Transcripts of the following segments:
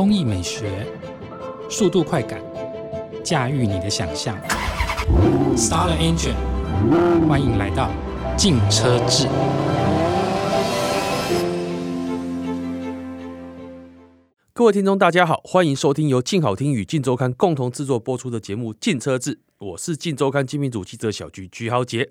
工藝美學、速度快感、駕馭你的想象，Star Engine，歡迎來到《鏡車誌》。各位聽眾，大家好，歡迎收聽由鏡好聽與鏡週刊共同制作播出的節目《鏡車誌》，我是鏡週刊精品組記者小鞠鞠豪傑。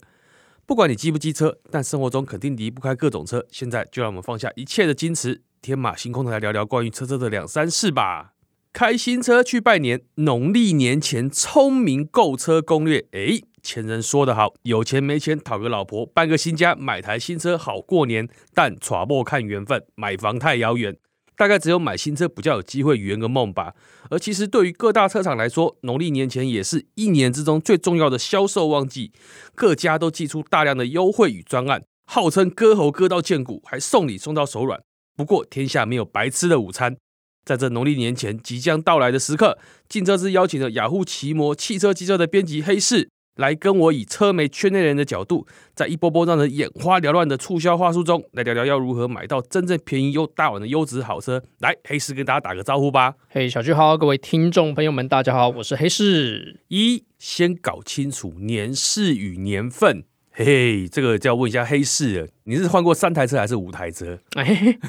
不管你機不機車，但生活中肯定離不開各種車。現在就讓我們放下一切的矜持。天馬行空的來聊聊關於車車的兩三事吧。開新車去拜年，農曆年前聰明購車攻略。哎，前人說得好，有錢沒錢討個老婆，搬個新家，買台新車好過年。但揣摩看緣分，買房太遙遠，大概只有買新車比較有機會圓個夢吧。而其實對於各大車廠來說，農曆年前也是一年之中最重要的銷售旺季，各家都祭出大量的優惠與專案，號稱割喉割到見骨，還送禮送到手軟。不過天下沒有白吃的午餐，在這農曆年前即將到來的時刻，勁車誌邀請了雅虎奇摩汽車機車的編輯黑市，來跟我以車媒圈內人的角度，在一波波讓人眼花繚亂的促銷話術中，來聊聊要如何買到真正便宜又大碗的優質好車。來，黑市跟大家打個招呼吧。嘿、hey,，小巨好，各位聽眾朋友們，大家好，我是黑市。一，先搞清楚年式與年份。嘿嘿，這個就要問一下黑市了。你是換過三台車還是五台車？欸、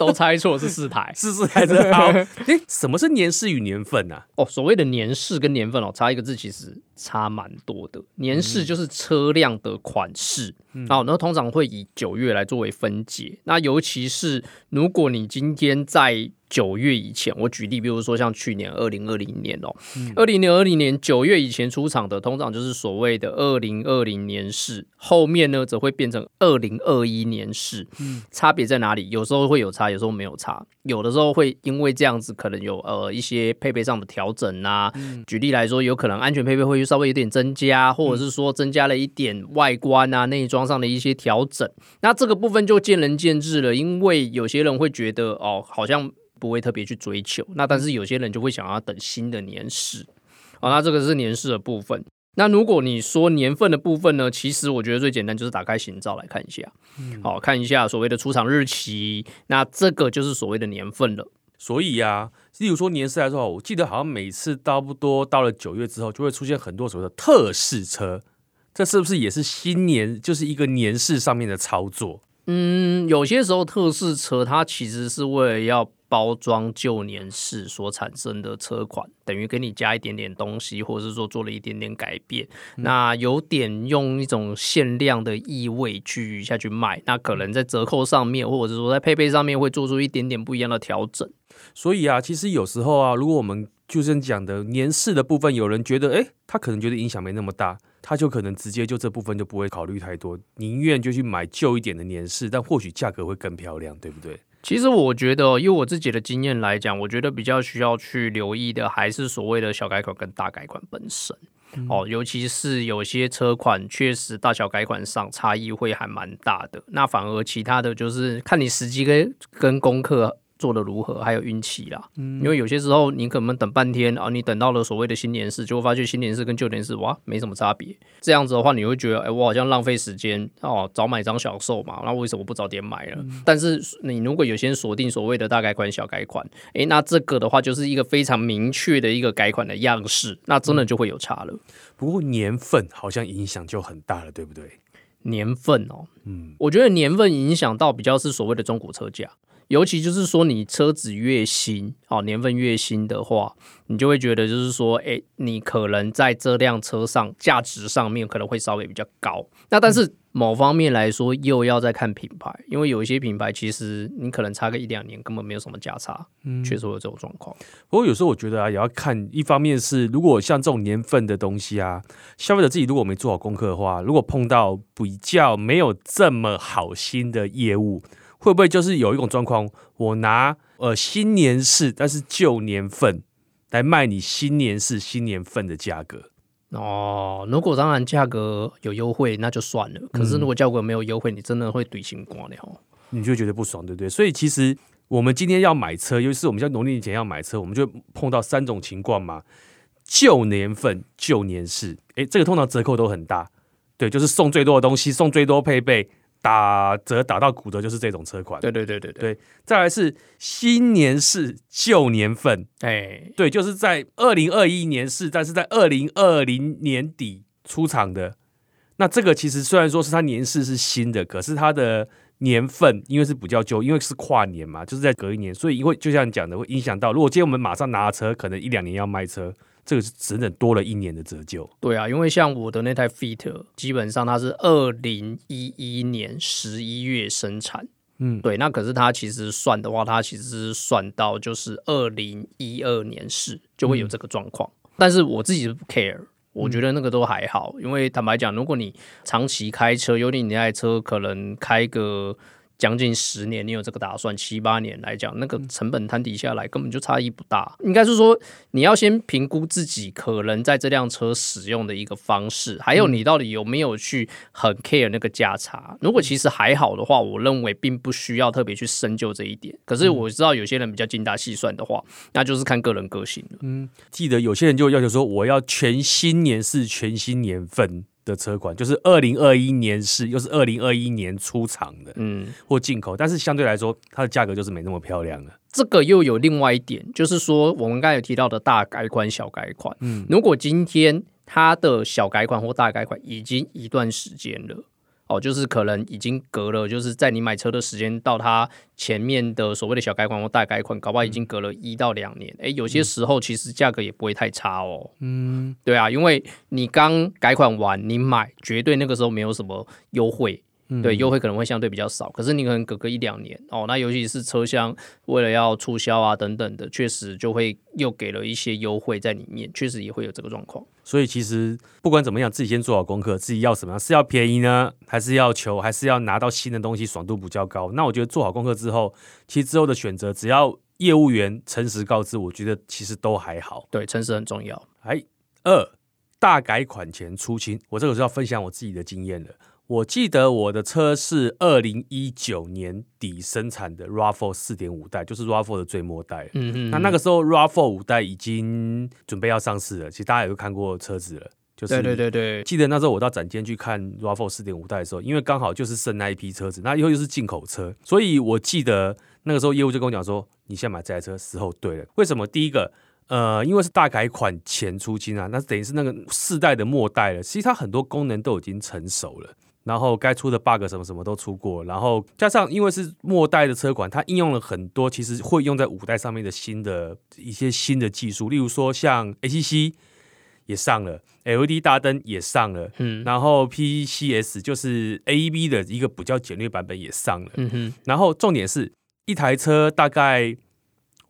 都猜錯 是四台，四四台車哦。什麼是年式與年份啊？哦，所謂的年式跟年份哦，差一個字其實差蠻多的。年式就是車輛的款式哦，嗯，那通常會以九月來作為分界，嗯。那尤其是如果你今天在九月以前，我舉例，比如說像去年二零二零年哦，二零零二零年九月以前出廠的，通常就是所謂的二零二零年式，後面呢則會變成二零二。一年式，差別在哪裡？有時候會有差，有時候沒有差。有的時候會因為這樣子，可能有呃一些配備上的調整啊、嗯。舉例來說，有可能安全配備會稍微有點增加，或者是說增加了一點外觀啊、內、嗯、裝上的一些調整。那這個部分就見仁見智了，因為有些人會覺得哦，好像不會特別去追求。那但是有些人就會想要等新的年式好、哦、那這個是年式的部分。那如果你說年份的部分呢？其實我覺得最簡單就是打開行照來看一下，好、嗯、看一下所謂的出廠日期，那這個就是所謂的年份了。所以呀、啊，例如說年式來說，我記得好像每次差不多到了九月之後，就會出現很多所謂的特仕車，這是不是也是新年就是一個年式上面的操作？嗯，有些時候特仕車它其實是為了要。包裝舊年式所產生的車款，等於給你加一點點東西，或者是說做了一點點改變，嗯、那有點用一種限量的意味去下去賣，那可能在折扣上面，或者是說在配備上面會做出一點點不一樣的調整。所以啊，其實有時候啊，如果我們就是講的年式的部分，有人覺得，誒、欸，他可能覺得影響沒那麼大，他就可能直接就這部分就不會考慮太多，寧願就去買舊一點的年式，但或許價格會更漂亮，對不對？其實我覺得，以我自己的經驗來講，我覺得比較需要去留意的，還是所謂的小改款跟大改款本身哦、嗯。尤其是有些車款，確實大小改款上差異會還蠻大的。那反而其他的就是看你時機跟跟功課做得如何，還有運氣啦，嗯，因為有些時候你可能等半天，然後你等到了所謂的新年式，就會發現新年式跟舊年式哇，沒什麼差別。這樣子的話，你會覺得哎、欸，我好像浪費時間哦，早買早享受嘛。那為什麼不早點買了？嗯、但是你如果有先鎖定所謂的大改款、小改款，哎、欸，那這個的話就是一個非常明確的一個改款的樣式，那真的就會有差了。嗯、不過年份好像影響就很大了，對不對？年份哦，嗯，我覺得年份影響到比較是所謂的中古車價。尤其就是說，你車子越新，哦，年份越新的話，你就會覺得就是說，誒，你可能在這輛車上價值上面可能會稍微比較高。嗯。那但是某方面來說，又要再看品牌，因為有一些品牌其實你可能差個一兩年，根本沒有什麼價差。嗯，確實會有這種狀況。不過有時候我覺得啊，也要看，一方面是如果像這種年份的東西啊，消費者自己如果沒做好功課的話，如果碰到比較沒有這麼好心的業務。會不會就是有一種狀況，我拿呃新年式，但是舊年份來賣你新年式新年份的價格？哦，如果當然價格有優惠，那就算了，可是如果價格沒有優惠，你真的會懟心掛了。嗯，你就覺得不爽，對不對，對？所以其實我們今天要買車，尤其是我們在農曆年前要買車，我們就碰到三種情況嘛：舊年份、舊年式。誒、欸，這個通常折扣都很大，對，就是送最多的東西，送最多配備。打折打到骨折就是這種車款。對對對對對。再來是新年式、舊年份，哎、欸，對，就是在二零二一年式，但是在二零二零年底出廠的。那這個其實雖然說是它年式是新的，可是它的年份因為是比較舊，因為是跨年嘛，就是在隔一年，所以會就像你講的，會影響到，如果今天我們馬上拿車，可能一兩年要賣車。這個是整整多了一年的折舊。對啊，因為像我的那台 Fit，基本上它是二零一一年十一月生產，嗯，對，那可是它其實算的話，它其實算到就是二零一二年式就會有這個狀況，嗯。但是我自己不 care，我覺得那個都還好，嗯、因為坦白講，如果你長期開車，尤你你那台車可能開個。將近十年，你有這個打算，七八年來講，那個成本攤底下來根本就差異不大。應該是說，你要先評估自己可能在這輛車使用的一個方式，還有你到底有沒有去很 care 那個價差。如果其實還好的話，我認為並不需要特別去深究這一點。可是我知道有些人比較精打細算的話，那就是看個人個性了。嗯，記得有些人就要求說，我要全新年式全新年份的車款就是二零二一年式又是二零二一年出廠的嗯，或進口，但是相對來說它的價格就是沒那麼漂亮了啊。這個又有另外一點，就是說我們剛才有提到的大改款、小改款，嗯，如果今天它的小改款或大改款已經一段時間了。哦，就是可能已經隔了，就是在你買車的時間到它前面的所謂的小改款或大改款，搞不好已經隔了一到兩年。嗯。誒，有些時候其實價格也不會太差哦。嗯，嗯對啊，因為你剛改款完，你買絕對那個時候沒有什麼優惠。嗯，對，優惠可能會相對比較少。可是你可能隔個一兩年哦，那尤其是車廂為了要促銷啊等等的，確實就會又給了一些優惠在裡面，確實也會有這個狀況。所以其實不管怎麼樣，自己先做好功課。自己要什麼樣，是要便宜呢，還是要求，還是要拿到新的東西，爽度比較高？那我覺得做好功課之後，其實之後的選擇，只要業務員誠實告知，我覺得其實都還好。對，誠實很重要。哎，二大改款前出清，我這個是要分享我自己的經驗的。我記得我的車是二零一九年底生產的 RAV4 4.5四點五代，就是 RAV4 的最末代。嗯嗯，嗯。那那個時候 RAV4 5五代已經準備要上市了，其實大家也都看過車子了。對對對對。記得那時候我到展間，去看 RAV4 4.5四點五代的時候，因為剛好就是剩那一批車子，那又又是進口車，所以我記得那個時候業務就跟我講說：“你現在買這台車，時候對了。”為什麼？第一個，呃，因為是大改款前出清啊，那等於是那個四代的末代了。其實它很多功能都已經成熟了。然後該出的 bug 什麼什麼都出過，然後加上因為是末代的車款，它應用了很多其實會用在五代上面的新的一些新的技術，例如說像 ACC 也上了，LED 大燈也上了，嗯，然後 PCS 就是 AEB 的一個比較簡略版本也上了，嗯哼，然後重點是一台車大概。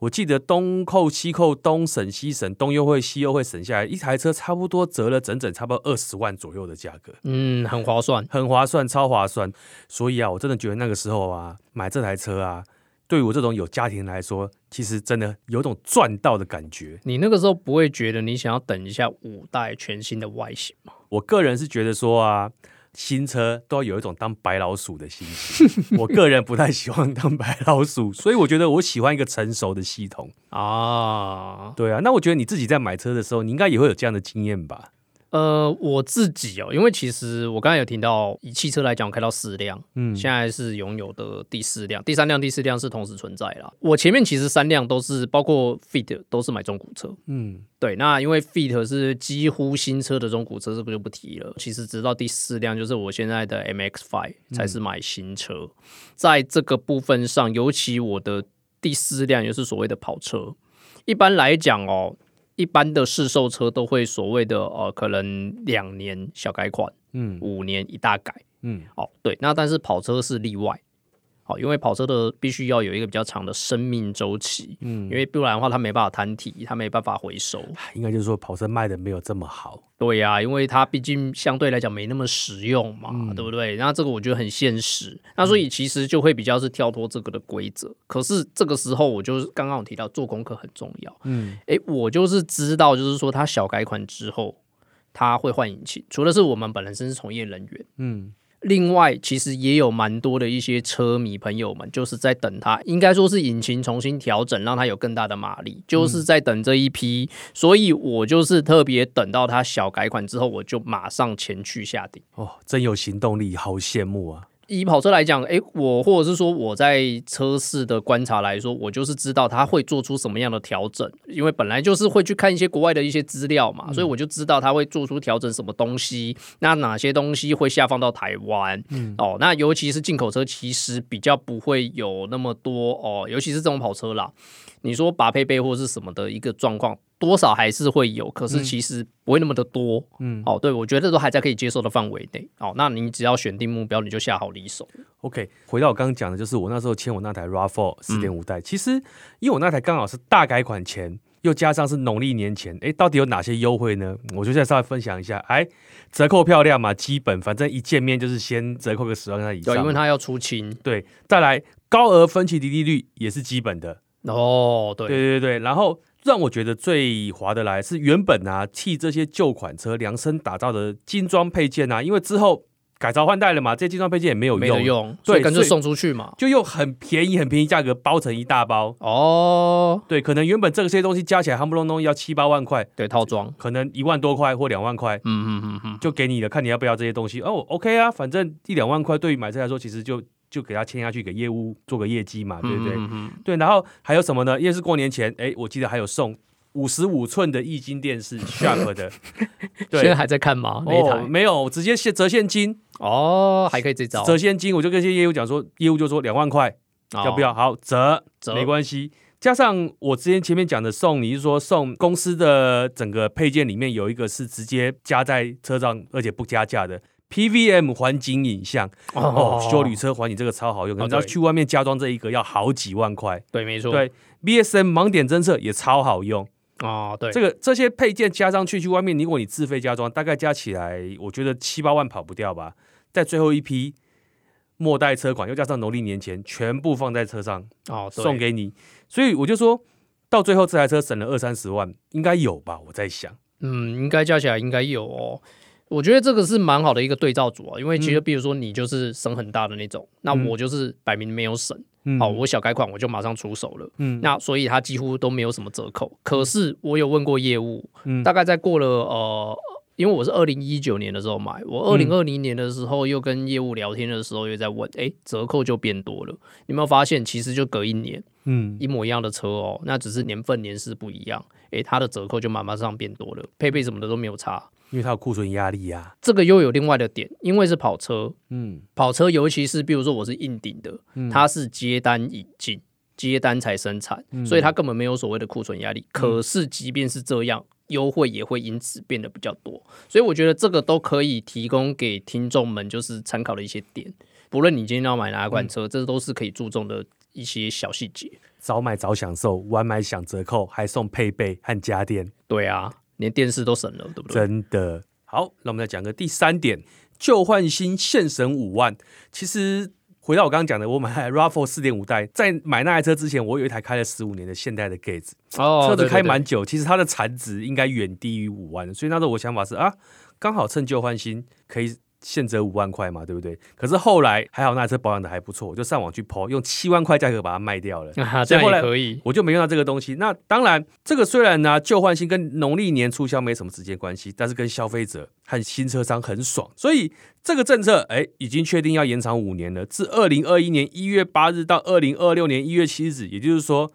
我記得東扣西扣，東省西省，東優惠西優惠，省下來一台車差不多折了整整差不多二十萬左右的價格。嗯，很划算，很划算，超划算。所以啊，我真的覺得那個時候啊，買這台車啊，對我這種有家庭來說，其實真的有種賺到的感覺。你那個時候不會覺得你想要等一下五代全新的外形嗎？我個人是覺得說啊。新車都要有一種當白老鼠的心情，我個人不太喜歡當白老鼠，所以我覺得我喜歡一個成熟的系統啊。對啊，那我覺得你自己在買車的時候，你應該也會有這樣的經驗吧。呃，我自己哦，因為其實我剛才有聽到，以汽車來講，我開到四輛，嗯，現在是擁有的第四輛，第三輛、第四輛是同時存在啦、啊。我前面其實三輛都是包括 Fit，都是買中古車，嗯，對。那因為 Fit 是幾乎新車的中古車，這個就不提了。其實直到第四輛，就是我現在的 MX Five 才是買新車，嗯。在這個部分上，尤其我的第四輛就是所謂的跑車，一般來講哦。一般的市售車都會所謂的呃，可能兩年小改款，嗯，五年一大改，嗯，哦，對，那但是跑車是例外。好，因為跑車的必須要有一個比較長的生命週期，嗯，因為不然的話，它沒辦法攤提，它沒辦法回收。應該就是說，跑車賣的沒有這麼好。對呀、啊，因為它畢竟相對來講沒那麼實用嘛、嗯，對不對？那這個我覺得很現實，那所以其實就會比較是跳脫這個的規則、嗯。可是這個時候，我就是剛剛我提到做功課很重要，嗯，誒、欸，我就是知道，就是說它小改款之後它會換引擎，除了是我們本身是從業人員，嗯。另外，其實也有蠻多的一些車迷朋友們，就是在等它，應該說是引擎重新調整，讓它有更大的馬力，就是在等這一批。嗯、所以我就是特別等到它小改款之後，我就馬上前去下定。哦，真有行動力，好羨慕啊！以跑車來講，哎、欸，我或者是說我在車市的觀察來說，我就是知道它會做出什麼樣的調整，因為本來就是會去看一些國外的一些資料嘛、嗯，所以我就知道它會做出調整什麼東西，那哪些東西會下放到台灣、嗯，哦，那尤其是進口車其實比較不會有那麼多哦，尤其是這種跑車啦，你說拔配備或是什麼的一個狀況。多少還是會有，可是其實不會那麼的多，嗯，哦，對，我覺得都還在可以接受的範圍內，哦，那你只要選定目標，你就下好離手。OK，回到我剛剛講的，就是我那時候簽我那台 Rafale 四點五代、嗯，其實因為我那台剛好是大改款前，又加上是農曆年前，哎、欸，到底有哪些優惠呢？我就再稍微分享一下，哎，折扣漂亮嘛，基本反正一見面就是先折扣個十萬塊以上，對，因為它要出清，對，再來高額分期的利、利率也是基本的，哦，對，對對、對、對，然後。讓我覺得最划得來是原本啊替這些舊款車量身打造的精裝配件啊，因為之後改造，換代了嘛，這些精裝配件也沒有用，沒有用，對，乾脆送出去嘛，就用很便宜，很便宜價格包成一大包哦，對，可能原本這個這些東西加起來夯不隆咚要七八萬塊，對，套裝可能一萬多塊或兩萬塊，嗯嗯嗯嗯，就給你了，看你要不要這些東西哦，OK 啊，反正一兩萬塊對於買車來說其實就。就給他簽下去，給業務做個業績嘛，對不對、嗯嗯嗯？對，然後還有什麼呢？因為是過年前，哎，我記得還有送五十五寸的液晶電視，夏普的。現在還在看嗎？沒、哦、台，沒有，直接現折現金哦，還可以這招折現金。我就跟這些業務講說，業務就說兩萬塊、哦、要不要？好，折，折沒關係。加上我之前前面講的送，你是說送公司的整個配件裡面有一個是直接加在車上，而且不加價的。PVM 環景影像，哦，休、哦、旅車環景，這個超好用，你知道去外面加裝這一個要好幾萬塊，哦，對，沒錯，對，BSM 盲點偵測也超好用哦。對，這個這些配件加上去去外面，如果你自費加裝，大概加起來，我覺得七八萬跑不掉吧，在最後一批末代車款，又加上農曆年前，全部放在車上哦，送給你，哦，所以我就說到最後這台車省了二三十萬，應該有吧？我在想，嗯，應該加起來應該有。哦。我覺得這個是蠻好的一個對照組啊，因為其實比如說你就是省很大的那種，嗯、那我就是擺明沒有省，好、嗯哦，我小改款我就馬上出手了，嗯，那所以它幾乎都沒有什麼折扣。可是我有問過業務，嗯、大概在過了呃，因為我是二零一九年的時候買，我二零二零年的時候又跟業務聊天的時候又在問，誒、嗯欸，折扣就變多了，你有沒有發現？其實就隔一年。嗯，一模一樣的車哦，那只是年份年式不一樣，誒、欸，它的折扣就慢慢上變多了，配備什麼的都沒有差，因為它有庫存壓力呀、啊。這個又有另外的點，因為是跑車，嗯，跑車尤其是比如說我是硬頂的，它是接單引進，接單才生產、嗯，所以它根本沒有所謂的庫存壓力、嗯。可是即便是這樣，優惠也會因此變得比較多、嗯。所以我覺得這個都可以提供給聽眾們，就是參考的一些點。不論你今天要買哪一款車，嗯、這是都是可以注重的。一些小細節，早買早享受，晚買享折扣，還送配備和家電。對啊，連電視都省了，對不對？真的。好，那我們再講個第三點，舊換新現省五萬。其實回到我剛剛講的，我買 RAV4 四點五代，在買那台車之前，我有一台開了十五年的現代的 Gates、oh,。車子開蠻久、oh, 對對對，其實它的殘值，應該遠低於五萬，所以那時候我想法是啊，剛好趁舊換新可以。現折五萬塊嘛，對不對？可是後來還好，那車保養的還不錯，我就上網去拋，用七萬塊價格把它賣掉了。啊、這樣也可以。所以後來，我就沒用到這個東西。那當然，這個雖然呢、啊、舊換新跟農曆年促銷沒什麼直接關係，但是跟消費者和新車商很爽。所以這個政策哎，已經確定要延長五年了，自二零二一年一月八日到二零二六年一月七日，也就是說，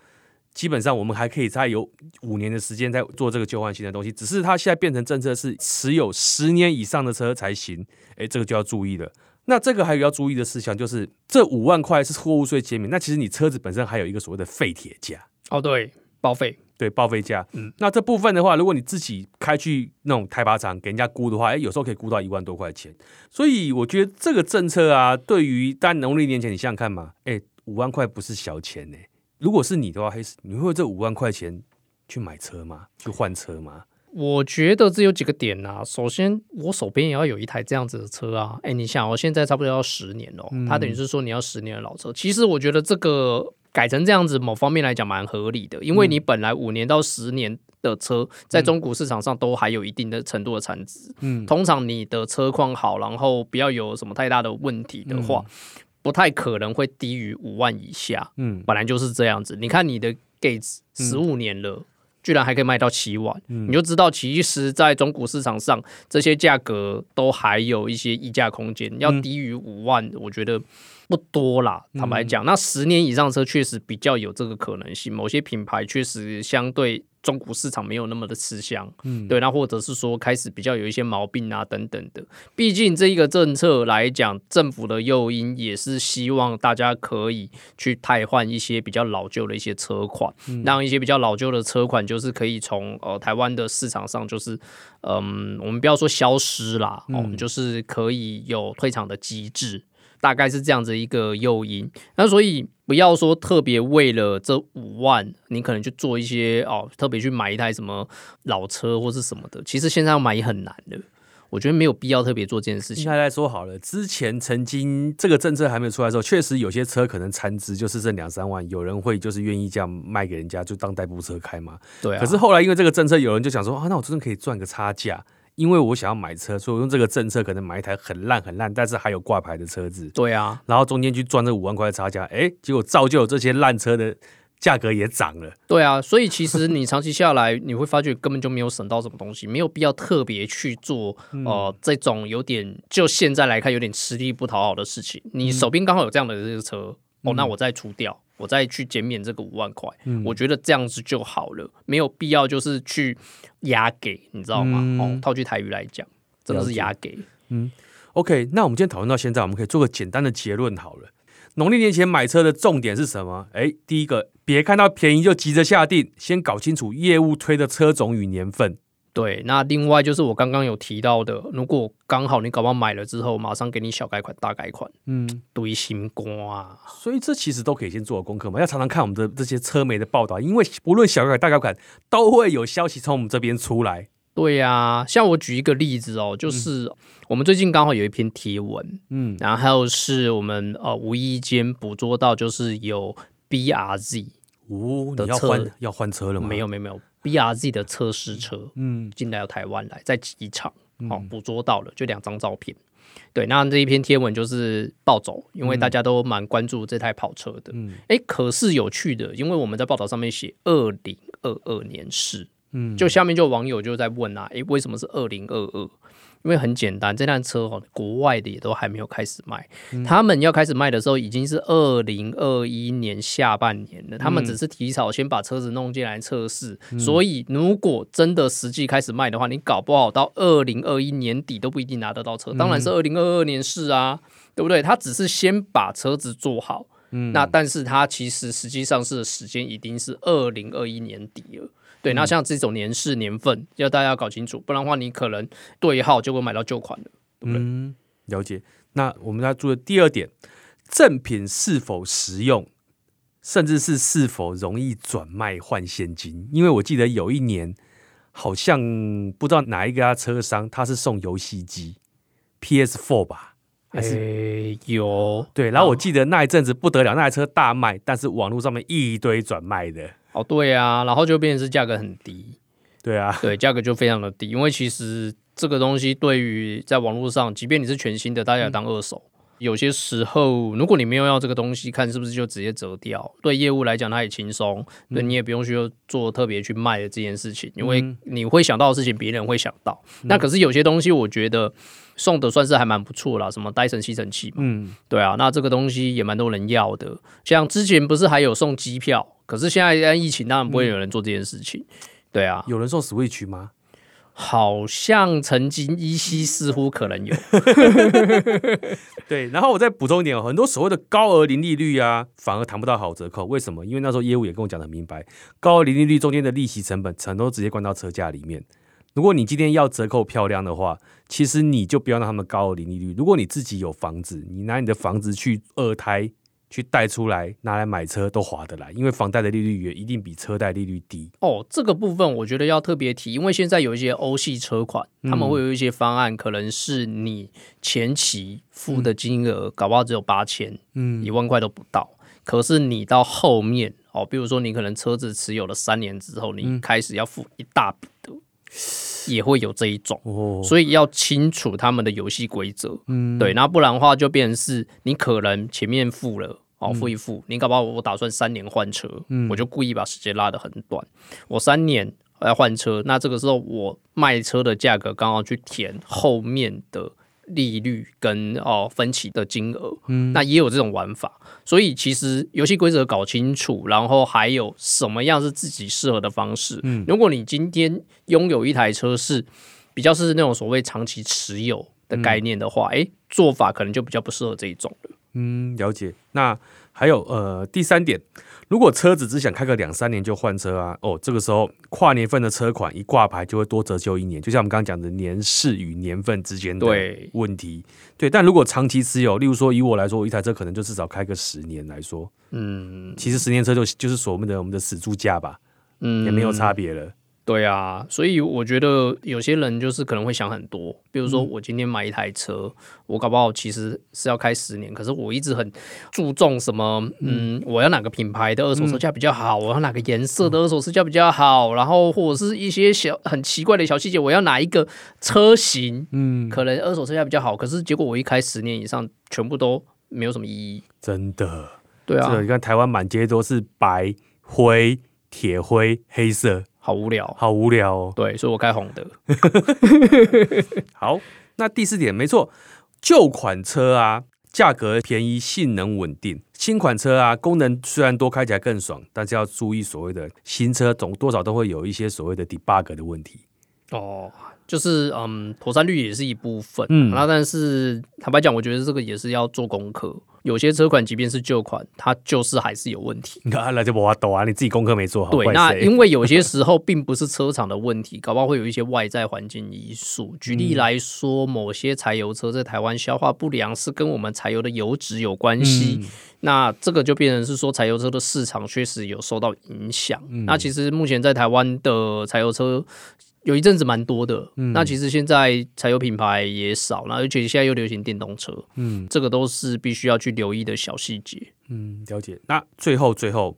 基本上我們還可以再有五年的時間在做這個舊換新的東西，只是它現在變成政策是持有十年以上的車才行。誒，這個就要注意了。那這個還有要注意的事項就是，這五萬塊是貨物稅減免，那其實你車子本身還有一個所謂的廢鐵價哦，對，報廢，對，報廢價。嗯，那這部分的話，如果你自己開去那種台扒廠給人家估的話，誒，有時候可以估到一萬多塊錢。所以我覺得這個政策啊，對於但農曆年前你想想看嘛，誒，五萬塊不是小錢呢、欸。如果是你的話，還是你會這五萬塊錢去買車嗎？去換車嗎？我覺得這有幾個點啊。首先，我手邊也要有一台這樣子的車啊。誒、欸，你想，我現在差不多要十年哦、嗯。它等於是說你要十年的老車。其實我覺得這個改成這樣子，某方面來講蠻合理的，因為你本來五年到十年的車，在中古市場上都還有一定的程度的殘值。嗯，通常你的車況好，然後不要有什麼太大的問題的話。嗯不太可能會低於五萬以下，嗯，本來就是這樣子。你看你的 g a t Gates 十五年了，嗯，居然還可以賣到七萬，嗯，你就知道其實，在中古市場上，這些價格都還有一些溢價空間。要低於五萬，嗯，我覺得不多啦。坦白講，嗯、那十年以上的車確實比較有這個可能性，某些品牌確實相對。中古市場沒有那麼的吃香，嗯，對，那或者是說，開始比較有一些毛病啊等等的。畢竟這一個政策來講，政府的誘因也是希望大家可以去汰換一些比較老舊的一些車款，嗯，讓一些比較老舊的車款就是可以從呃台灣的市場上就是嗯，呃，我們不要說消失啦，我們，哦，嗯，就是可以有退場的機制。大概是這樣子一個誘因，那所以不要說特別為了這五萬，你可能去做一些哦，特別去買一台什麼老車或是什麼的。其實現在要買也很難的，我覺得沒有必要特別做這件事情。現在來說好了，之前曾經這個政策還沒有出來的時候，確實有些車可能殘值就是剩兩三萬，有人會就是願意這樣賣給人家，就當代步車開嘛。對啊。可是後來因為這個政策，有人就想說啊，那我真的可以賺個差價。因為我想要買車，所以我用這個政策可能買一台很爛很爛，但是還有掛牌的車子。對啊，然後中間去賺這五萬塊的差價，誒、欸，結果造就這些爛車的價格也漲了。對啊，所以其實你長期下來， 你會發覺根本就沒有省到什麼東西，沒有必要特別去做哦、嗯呃、這種有點就現在來看有點吃力不討好的事情。你手邊剛好有這樣的這個車，嗯、哦，那我再出掉。我再去減免這個五萬塊，嗯，我覺得這樣子就好了，沒有必要就是去壓給，你知道嗎？嗯，哦，套句台語來講，真的是壓給。嗯，OK，那我們今天討論到現在，我們可以做個簡單的結論好了。農曆年前買車的重點是什麼？哎，第一個，別看到便宜就急着下定，先搞清楚業務推的車種與年份。對，那另外就是我剛剛有提到的，如果剛好你搞不好買了之後，馬上給你小改款、大改款，嗯，捶心肝，所以這其實都可以先做個功課嘛，要常常看我們的這些車媒的報道因為不論小改款、大改款，都會有消息從我們這邊出來。對呀、啊，像我舉一個例子哦，就是、嗯、我們最近剛好有一篇貼文，嗯，然後是我們呃無意間捕捉到，就是有 B R Z，哦，你要換要換車了嗎？沒有沒有沒有。B R Z 的測試車，嗯，進來到台灣來，在機場，好、嗯、捕捉到了，就兩張照片。對，那這一篇貼文就是暴走，因為大家都蠻關注這台跑車的。嗯、欸，可是有趣的，因為我們在報道上面寫二零二二年是，嗯，就下面就有網友就在問啊，誒、欸，為什麼是二零二二？因為很簡單，這輛車哦，國外的也都還沒有開始賣。他、嗯、們要開始賣的時候，已經是二零二一年下半年了。他、嗯、們只是提早先把車子弄進來測試。嗯、所以，如果真的實際開始賣的話，你搞不好到二零二一年底都不一定拿得到車。嗯、當然是二零二二年試啊，對不對？他只是先把車子做好。嗯，那但是他其實實際上市的時間已經是二零二一年底了。對，那像這種年式年份要大家要搞清楚，不然的話，你可能對號，就會買到舊款的，對不對、嗯、了解。那我們要做的第二點，贈品是否實用，甚至是是否容易轉賣換現金。因為我記得有一年，好像不知道哪一家車商，他是送遊戲機，PS Four 吧。哎喲對，然後我記得那一陣子不得了，那台車大賣，但是網絡上面一堆轉賣的。哦，對啊，然後就變成是價格很低。對啊，對，價格就非常的低，因為其實這個東西對於在網絡上，即便你是全新的，大家當二手、嗯。有些時候，如果你沒有要這個東西，看是不是就直接折掉。對業務來講，它也輕鬆，那、嗯、你也不用去做特別去賣的這件事情、嗯，因為你會想到的事情，別人會想到、嗯。那可是有些東西，我覺得送的算是還蠻不錯啦。什麼戴森吸塵器嘛、嗯，對啊，那這個東西也蠻多人要的。像之前不是還有送機票，可是現在在疫情，當然不會有人做這件事情。嗯、對啊，有人送 Switch 嗎？好像曾經依稀似乎可能有， 對。然後我再補充一點，很多所謂的高額零利率啊，反而談不到好折扣。為什麼？因為那時候業務也跟我講得很明白，高額零利率中間的利息成本，全都直接關到車價裡面。如果你今天要折扣漂亮的話，其實你就不要讓他們高額零利率。如果你自己有房子，你拿你的房子去二胎。去貸出來拿來買車都划得來，因為房貸的利率也一定比車貸利率低。哦，這個部分我覺得要特別提，因為現在有一些歐系車款，嗯，他們會有一些方案，可能是你前期付的金額，嗯，搞不好只有八千，嗯，一萬塊都不到。可是你到後面哦，比如說你可能車子持有了三年之後，你開始要付一大筆。也會有這一種，oh. 所以要清楚他們的遊戲規則，對，那不然的話就變成是，你可能前面付了，哦，付一付、嗯，你搞不好我打算三年換車、嗯，我就故意把時間拉得很短，我三年要換車，那這個時候我賣車的價格剛好去填後面的。利率跟哦分期的金額，嗯，那也有這種玩法，所以其實遊戲規則搞清楚，然後還有什麼樣是自己適合的方式，嗯，如果你今天擁有一台車是比較是那種所謂長期持有的概念的話，誒、嗯欸，做法可能就比較不適合這一種了。嗯，了解。那還有呃第三點。如果車子只想開個兩三年就換車啊，哦，這個時候，跨年份的車款一掛牌就會多折舊一年，就像我們剛剛講的年式與年份之間的問題對，對。但如果長期持有，例如說以我來說，我一台車可能就至少開個十年來說，嗯，其實十年車就就是所謂的我們的死豬價吧，嗯，也沒有差別了。對啊，所以我覺得有些人就是可能會想很多，比如說我今天買一台車，我搞不好其實是要開十年，可是我一直很注重什麼，嗯，我要哪個品牌的二手車價比較好，我要哪個顏色的二手車價比較好，然後或者是一些小很奇怪的小細節，我要哪一個車型，嗯，可能二手車價比較好，可是結果我一開十年以上，全部都沒有什麼意義，真的，對啊，你看台灣滿街都是白灰、鐵灰、黑色。好無聊，好無聊哦。對，所以我開紅的。 好，那第四點，沒錯，舊款車啊，價格便宜，性能穩定；新款車啊，功能雖然多，開起來更爽，但是要注意所謂的新車總多少都會有一些所謂的 debug 的問題哦。就是嗯，妥善率也是一部分、啊，嗯，那但是坦白講，我覺得這個也是要做功課。有些車款即便是舊款，它就是還是有問題。你看，那就無法度啊，你自己功課沒做好。對，那因為有些時候並不是車廠的問題， 搞不好會有一些外在環境因素。舉例來說、嗯，某些柴油車在台灣消化不良，是跟我們柴油的油脂有關係、嗯。那這個就變成是說，柴油車的市場確實有受到影響、嗯。那其實目前在台灣的柴油車。有一陣子蠻多的、嗯，那其實現在柴油品牌也少，而且現在又流行電動車，嗯，這個都是必須要去留意的小細節，嗯，了解。那最後最後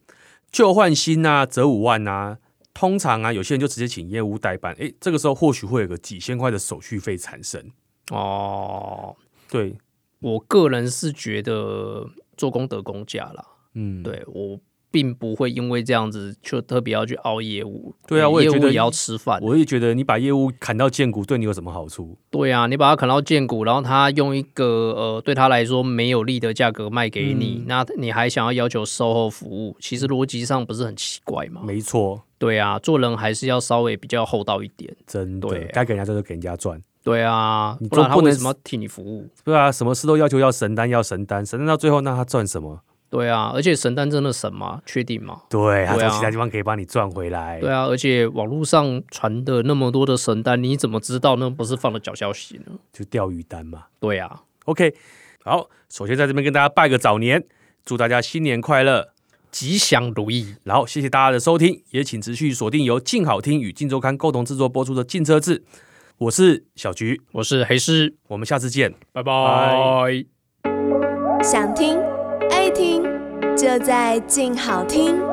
舊換新啊，折五萬啊，通常啊，有些人就直接請業務代辦，哎、欸，這個時候或許會有個幾千塊的手續費產生。哦，對。我個人是覺得做功德工價啦。嗯，對我。並不會因為這樣子就特別要去熬業務。對啊，欸、我也覺得業務也要吃飯、欸。我也覺得你把業務砍到見骨，對你有什麼好處？對啊，你把它砍到見骨，然後他用一個呃，對他來說沒有利的價格賣給你、嗯，那你還想要要求售後服務，其實邏輯上不是很奇怪嗎？沒錯。對啊，做人還是要稍微比較厚道一點。真的。該、啊、給人家賺，給人家賺。對啊，你不，不然他為什麼要替你服務？對啊，什麼事都要求要神單，要神單，神單到最後，那他賺什麼？對啊，而且神單真的神嗎？確定嗎？對，還有其他地方可以幫你賺回來。對啊，而且網絡上傳的那麼多的神單，你怎麼知道那不是放了假消息呢？就釣魚單嘛。對啊。OK，好，首先在這邊跟大家拜個早年，祝大家新年快樂，吉祥如意。然後謝謝大家的收聽，也請持續鎖定由鏡好聽與鏡周刊共同制作播出的《鏡車誌》，我是小菊，我是黑獅，我們下次見，拜拜。想聽。愛聽就在靜好聽。